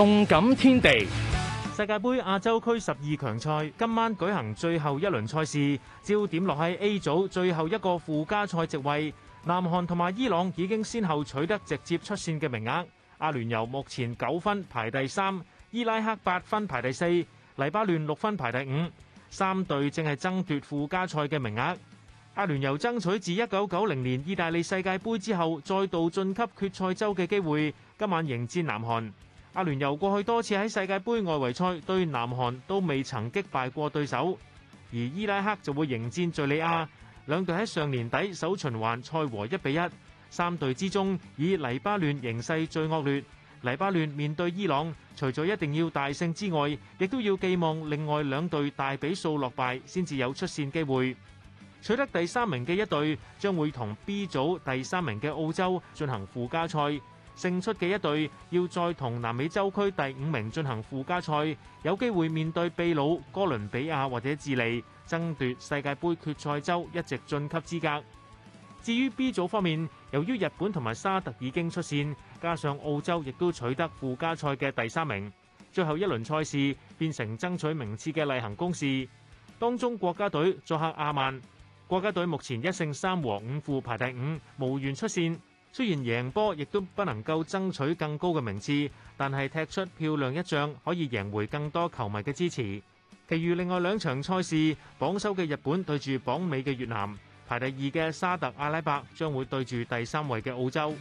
動感天地，世界盃亞洲區十二強賽今晚舉行最後一輪賽事，焦點落喺 A 組最後一個附加賽席位。南韓同埋伊朗已經先後取得直接出線嘅名額。阿聯酋目前九分排第三，伊拉克八分排第四，黎巴嫩六分排第五，三隊正係爭奪附加賽嘅名額。阿聯酋爭取自一九九零年意大利世界盃之後再度晉級決賽週嘅機會，今晚迎戰南韓。阿聯酋過去多次喺世界盃外圍賽對南韓都未曾擊敗過對手，而伊拉克就會迎戰敘利亞，兩隊喺上年底首循環賽和一比一。三隊之中，以黎巴嫩形勢最惡劣，黎巴嫩面對伊朗，除咗一定要大勝之外，亦都要寄望另外兩隊大比數落敗先至有出線機會。取得第三名嘅一隊將會同 B 組第三名嘅澳洲進行附加賽。勝出嘅一隊要再同南美洲區第五名進行附加賽，有機會面對秘魯、哥倫比亞或者智利，爭奪世界杯決賽周一席晉級資格。至於 B 組方面，由於日本同埋沙特已經出線，加上澳洲亦都取得附加賽嘅第三名，最後一輪賽事變成爭取名次嘅例行公事。當中國家隊作客阿曼，國家隊目前一勝三和五負排第五，無緣出線。雖然贏波，亦都不能夠爭取更高嘅名次，但係踢出漂亮一仗，可以贏回更多球迷嘅支持。其餘另外兩場賽事，榜首嘅日本對住榜尾嘅越南，排第二嘅沙特阿拉伯將會對住第三位嘅澳洲。